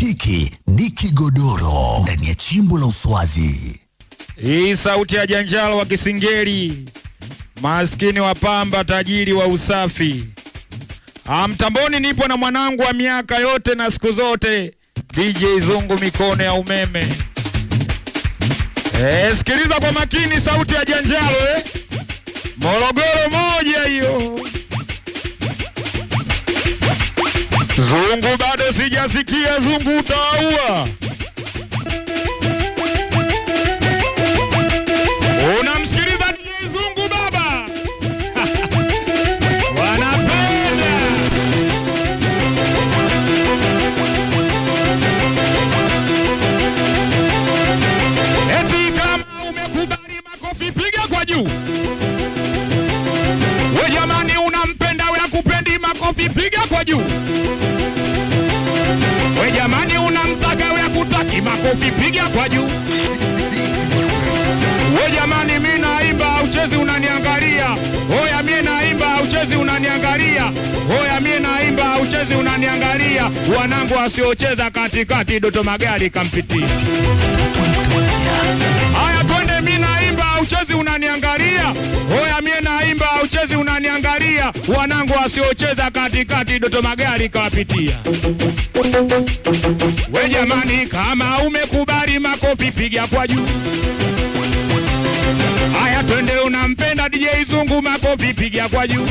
Hiki ni kigodoro ndani ya chimbo la uswazi. Hii sauti ya Janjalo wa kisingeri maskini wa pamba, tajiri wa usafi. Amtamboni nipo na mwanangu wa miaka yote na siku zote, DJ Zungu, mikono ya umeme. E, sikiliza kwa makini sauti ya Janjalo eh? Morogoro moja hiyo Zungu bado sijasikia, zungu utaua. Unamsikiliza DJ Zungu baba wanapenda eti. Kama umekubali makofi, piga kwa juu. We jamani, unampenda we akupendi makofi, piga kwa juu. kuvipiga kwa juu. We jamani, mi naimba uchezi unaniangalia. Hoya mie naimba uchezi unaniangalia. Hoya mie naimba uchezi unaniangalia. Wanangu wasiocheza katikati, Doto Magari kampitia. Haya uchezi unaniangalia, hoya mie naimba, uchezi unaniangalia, wanangu wasiocheza katikati, Doto Magari kawapitia. We jamani, kama umekubali, makofi piga kwa juu. Haya, twende, unampenda DJ Zungu, makofi piga kwa juu.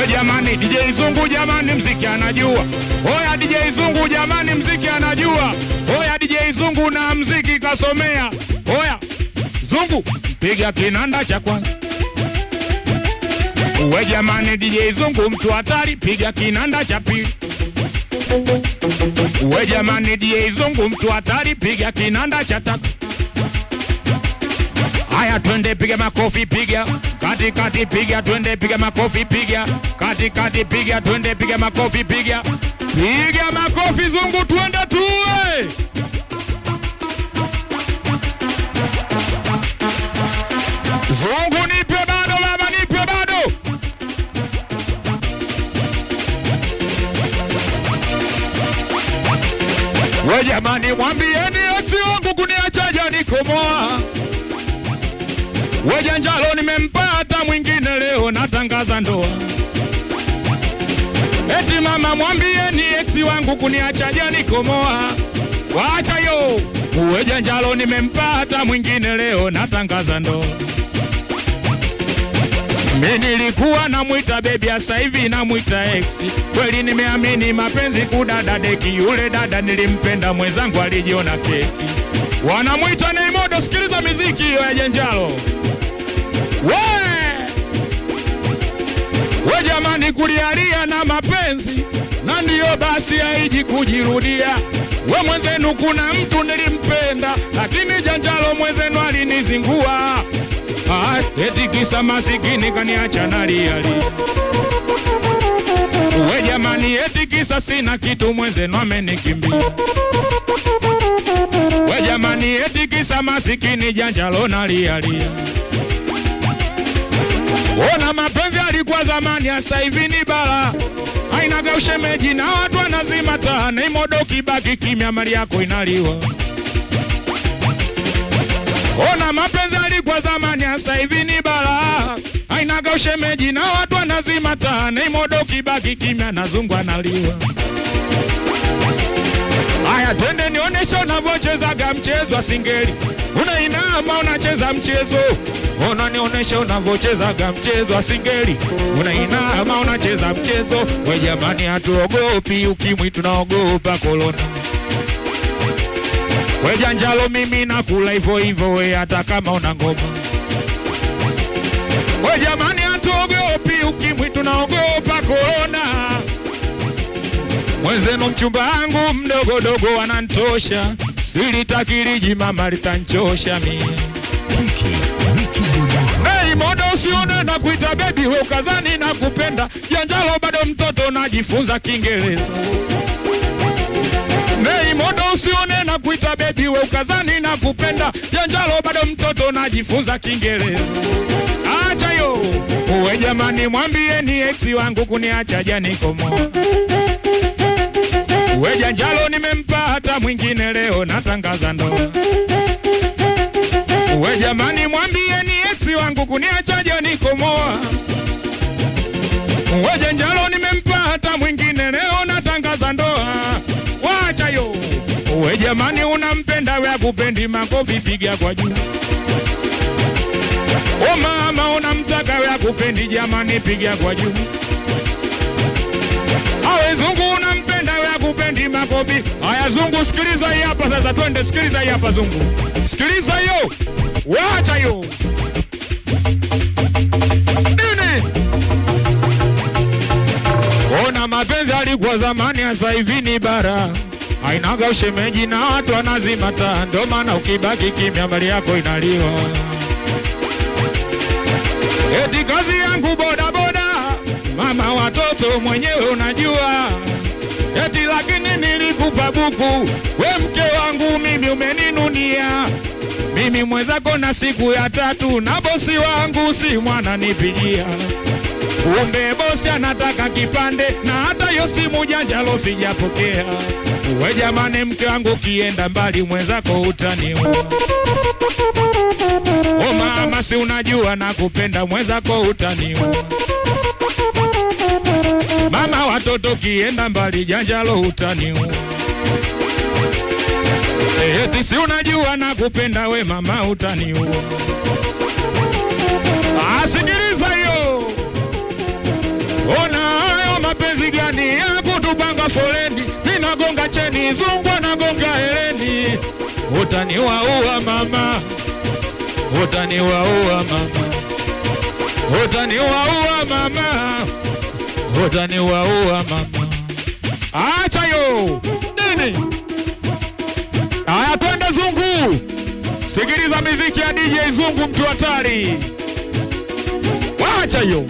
We jamani, DJ Zungu jamani, mziki anajua. hoya DJ Zungu jamani, mziki anajua. hoya DJ Zungu na mziki kasomea. Oya zungu, piga kinanda cha kwanza. Uwe jamani, DJ zungu mtu hatari, piga kinanda cha pili. Uwe jamani, DJ zungu mtu hatari, piga kinanda cha tatu. Haya, twende piga makofi, piga kati kati, piga twende, piga makofi, piga kati kati, piga twende, piga makofi, piga piga makofi, zungu twende tuwe Zungu nipe bado, baba nipe bado. We jamani, mwambieni eti wangu kuniacha jani We janjalo nimempata mwingine leo natangaza ndoa. Eti mama mwambieni eti wangu kuniacha jani komoa. Wacha yo. We janjalo nimempata mwingine leo natangaza ndoa. Mi nilikuwa namwita bebi, sasa hivi namwita ex. Kweli nimeamini mapenzi kudada deki, yule dada nilimpenda mwenzangu alijiona keki. Wanamwita imodo sikiliza miziki hiyo ya Jenjalo. We! We jamani, kulialia na mapenzi na ndiyo basi haiji kujirudia. We mwenzenu, kuna mtu nilimpenda, lakini Janjalo mwenzenu alinizingua etikisa masikini kaniacha naliali we jamani, etikisa sina kitu, mwenzenu amenikimbia we jamani, etikisa masikini janja lona Ona mapenzi alikuwa zamani, sasa hivi ni bala ainaga ushemeji na watu wanazima taa na imodo kibaki kimya, mali yako inaliwa. Ona mapenzi kwa zamani, hasa hivi ni balaa, ainaga ushemeji na watu wanazima taa, neimodo kibaki kimya na zungu analiwa. Aya, twende nionesha unavyochezaga mchezo wa singeli, unainama unacheza mchezo Ona nionesha unavyochezaga mchezo wa singeli, unainama unacheza mchezo. We jamani, hatuogopi ukimwi, tunaogopa korona. Janjalo mimi nakula hivyo hivyo, we hata kama una ngoma. We jamani, hatuogopi ukimwi, tunaogopa korona. Mwenzenu mchumba wangu mdogodogo anantosha, silitakiriji mama litanchosha mimi. Hey, modo usione na kuita bebi, we ukazani na kupenda. Janjalo bado mtoto, najifunza Kiingereza wewe ukazani na kupenda janjalo, bado mtoto najifunza Kiingereza. Acha yo uwe jamani, mwambie ni ex wangu kuniacha jani komo uwe janjalo, nimempata mwingine leo natangaza ndoa. Uwe jamani, mwambie ni ex wangu kuniacha jani komoa. Uwe janjalo, nimempata mwingine leo natangaza ndoa. Wacha yo uwe jamani kupendi makofi, piga kwa juu. O oh, mama mtaka ya kupendi, jamani, piga kwa juu. Awe zungu unampenda ya kupendi, makofi haya. Zungu sikiliza hii hapa sasa, twende, sikiliza hii hapa zungu, sikiliza hiyo, wacha hiyo Ona mapenzi alikuwa zamani, sasa hivi ni bara hainaga ushemeji na watu wanazimata, ndo maana ukibaki kimya habari yako inaliwa. Eti kazi yangu bodaboda, mama watoto mwenyewe unajua. Eti lakini nilikupa buku, we mke wangu mimi umeninunia mimi mwenzako na siku ya tatu na bosi wangu si mwana nipigia. Kumbe bosi anataka kipande na hata hiyo simu janja lo sijapokea we jamani, mke wangu kienda mbali, mwenzako utaniua. O oh, mama, si unajua nakupenda, mwenzako utaniua. Mama watoto kienda mbali, janjalo utaniua. Eh, eti si unajua nakupenda, we mama utaniua. Asikiliza ah, hiyo, ona hayo mapenzi gani ya kutupanga foleni gonga cheni, zungwa nagonga hereni, utaniwaua mama, utaniwaua mama, utaniwaua mama, utaniwaua mama. Acha yo nini? Aya, twende zungu, sikiliza miziki ya DJ Zungu, mtu hatari. Acha yo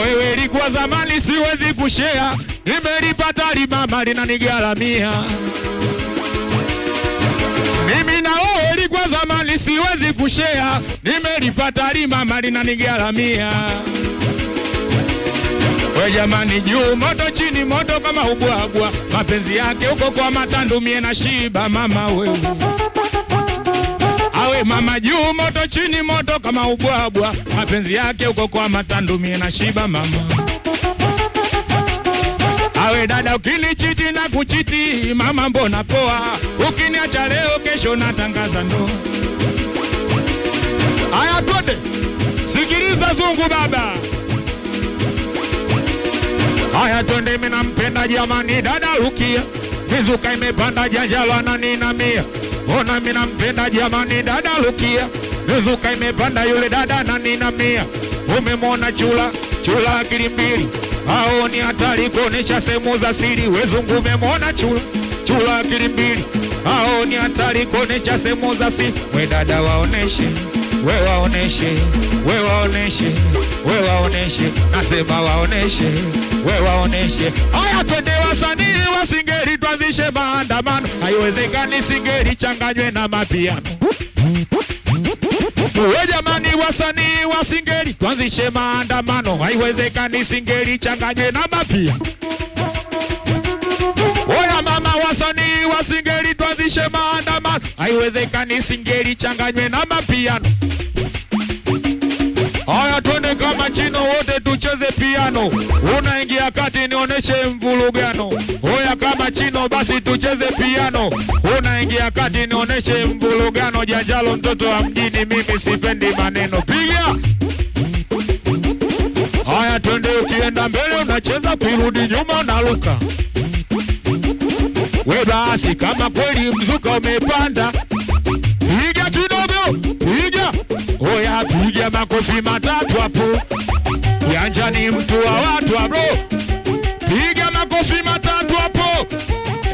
wewe ilikuwa zamani, siwezi kushea, nimelipata limama linanigaramia mimi na wewe Ilikuwa zamani, siwezi kushea, nimelipata limama linanigaramia. We jamani, juu moto, chini moto, kama ubwagwa mapenzi yake huko kwa matandumie na shiba, mama wewe mama juu moto chini moto kama ubwabwa, mapenzi yake uko kwa matandumi na shiba mama. Awe dada ukinichiti na kuchiti mama, mbona poa, ukiniacha leo kesho natangaza ndo. Aya twende, sikiliza zungu baba. Aya twende, mimi nampenda jamani, dada Rukia mizuka imepanda janja mia ona mimi nampenda jamani, dada lukia mizuka imepanda yule dada mia Umemwona chula chula, akili mbili ni hatari kuonesha sehemu za siri. Wezungu umemwona chula chula, akili mbili ni hatari kuonesha sehemu za siri. We dada waoneshe we waoneshe we waoneshe we waoneshe, nasema waoneshe we waoneshe. Haya twende singeri tuanzishe maandamano, haiwezekani singeri changanywe na mapiano. We jamani, wasanii wa singeri tuanzishe maandamano, haiwezekani singeri changanywe na mapiano. Oya mama, wasanii wa singeri tuanzishe maandamano, haiwezekani singeri changanywe na mapiano. Haya, twende kama chino wote tucheze piano, unaingia kati nionyeshe mvurugano. Hoya kama chino basi tucheze piano, unaingia kati nionyeshe mvurugano. Janjalo mtoto wa mjini, mimi sipendi maneno, piga haya, twende. Ukienda mbele unacheza, ukirudi nyuma unaluka. We basi, kama kweli mzuka umepanda Piga makofi matatu hapo, Janja ni mtu wa watu hapo, piga makofi matatu hapo,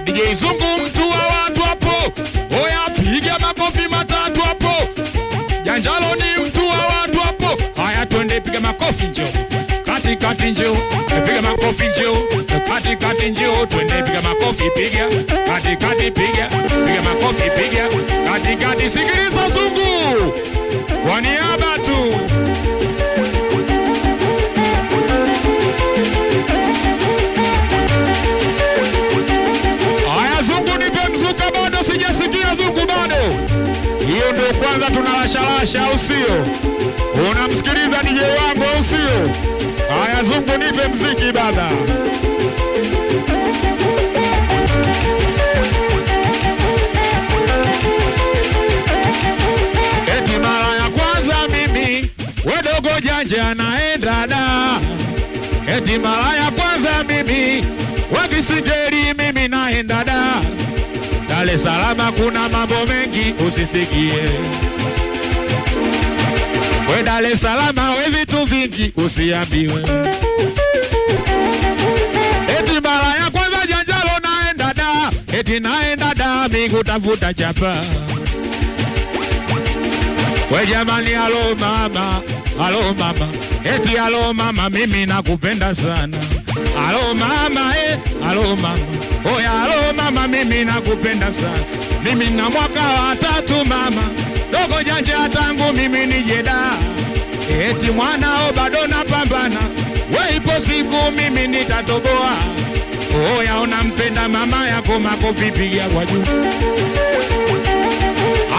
DJ Zungu mtu wa watu hapo, oya piga makofi matatu hapo, Janjalo ni mtu wa watu hapo. Haya, twende piga makofi njoo, kati kati piga makofi njoo, kati kati twende piga makofi, piga kati piga piga makofi, piga kati sikiliza Zungu kwa niaba tu haya. Zungu nipe mzuka, bado sijasikia zungu bado. Hiyo ndio kwanza tunarasharasha, au sio? Unamsikiliza DJ wangu au sio? aya zungu nipe mziki baba. Wedogo janja anaenda da, eti mara ya kwanza mimi wakisingeli mimi naenda da. Dar es Salaam kuna mambo mengi usisikie, we Dar es Salaam we vitu vingi usiambiwe, eti mara ya kwanza janjalo naenda da, eti naenda da tafuta chapa We jamani, alo mama, alo mama, eti alo mama, mimi nakupenda sana. Alo mama, eh, alo mama, oya alo mama, mimi nakupenda sana. Mimi na mwaka wa tatu mama, dogo janja tangu mimi nijeda, eti mwanao bado napambana, we ipo siku mimi nitatoboa. Oya unampenda mama yako, makofi pigia kwa juu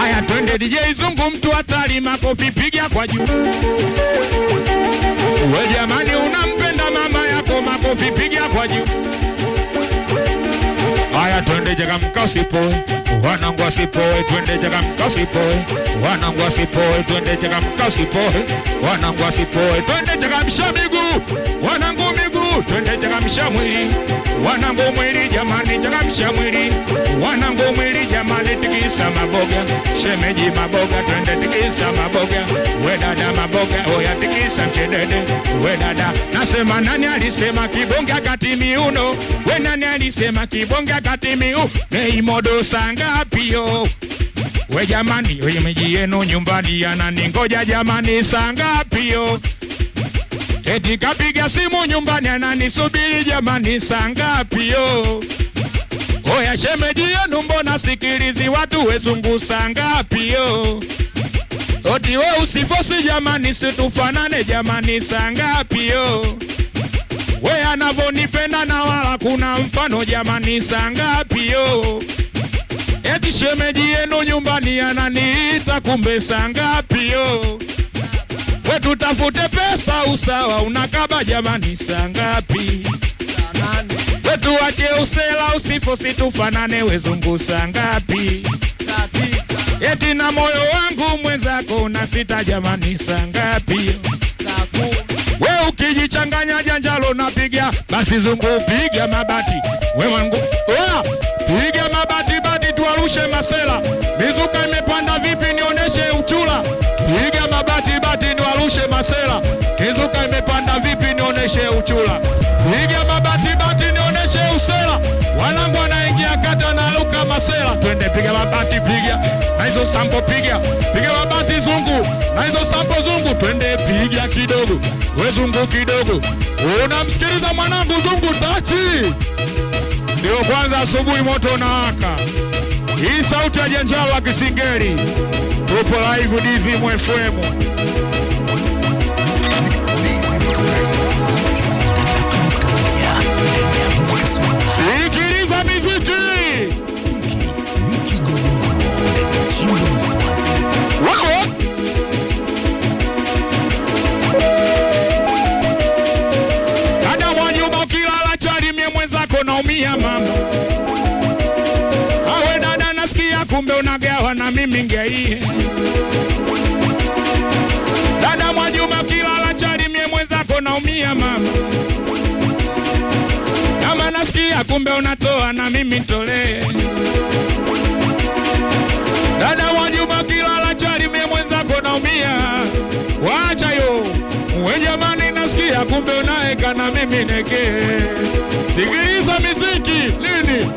Haya, twende DJ Zungu, mtu hatari, makofi piga kwa juu. We jamani, unampenda mama yako, makofi piga kwa juu. Haya, twende Changamka usipoe, wanangu wasipoe, twende Changamka usipoe, wanangu wasipoe, twende Changamka usipoe, wanangu wasipoe, twende changamsha miguu wanangu twende changamsha mwili wanangu, mwili jamani, changamsha mwili wanangu, mwili jamani, tikisa maboga, shemeji maboga, twende tikisa maboga, we dada maboga, oya tikisa mchedede, we dada. Nasema nani alisema kibonga kati miuno? We nani alisema kibonga kati miu? Neimodo sangapio we jamani, we miji nyumbani yana ningoja jamani, sangapio Eti kapiga simu nyumbani ananisubiri, jamani saa ngapi yo? Oya shemeji yenu, mbona sikilizi watu wezungu saa ngapi yo? Oti we usifosi jamani, situfanane jamani saa ngapi yo? We anavonipenda na wala kuna mfano jamani saa ngapi yo? Eti shemeji yenu nyumbani ananiita, kumbe saa ngapi yo? tutafute pesa usawa, unakaba jamani, saa ngapi? usela usifo, situfanane wezungu, saa ngapi? Eti na moyo wangu mwenzako unasita jamani, saa ngapi? We ukijichanganya janjalo napiga basi zungu, piga mabati we wangu, oa piga niepushe masela. Mizuka imepanda vipi, nionyeshe uchula. Piga mabati bati niwarushe masela. Mizuka imepanda vipi, nionyeshe uchula. Piga mabati bati nionyeshe usela. Wanangu wanaingia kata na luka masela. Twende piga mabati piga. Na hizo sampo piga. Piga mabati zungu. Na hizo sampo zungu. Twende piga kidogo. We zungu kidogo. Unamsikiliza mwanangu zungu tachi. Ndio kwanza asubuhi moto unawaka. Hii sauti ya Janjaro wa Kisingeli, upo live DVM FM. Haya, kumbe unatoa na mimi nitolee. Dada wajuma, kila lacharimie mwenzako naumia, wacha yo we jamani, nasikia kumbe unaeka na mimi nekee. Sikiliza miziki lini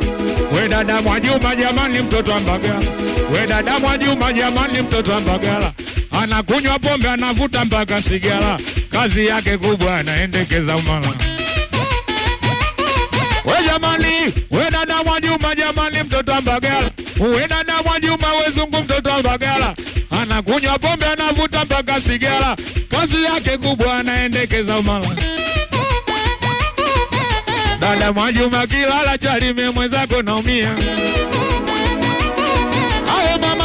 we dada Mwajuma jamani, mtoto ambagala, we dada Mwajuma jamani, mtoto ambagala, Mbagala anakunywa pombe anavuta mpaka sigara, kazi yake kubwa anaendekeza umala jamani, we dada wa Juma jamani, mtoto wa Mbagala, we dada wa Juma wezungu, mtoto wa Mbagala anakunywa pombe anavuta mpaka sigara, kazi yake kubwa anaendekeza mala dada Mwajuma kilala chalimie mwenzako naumia. Awe mama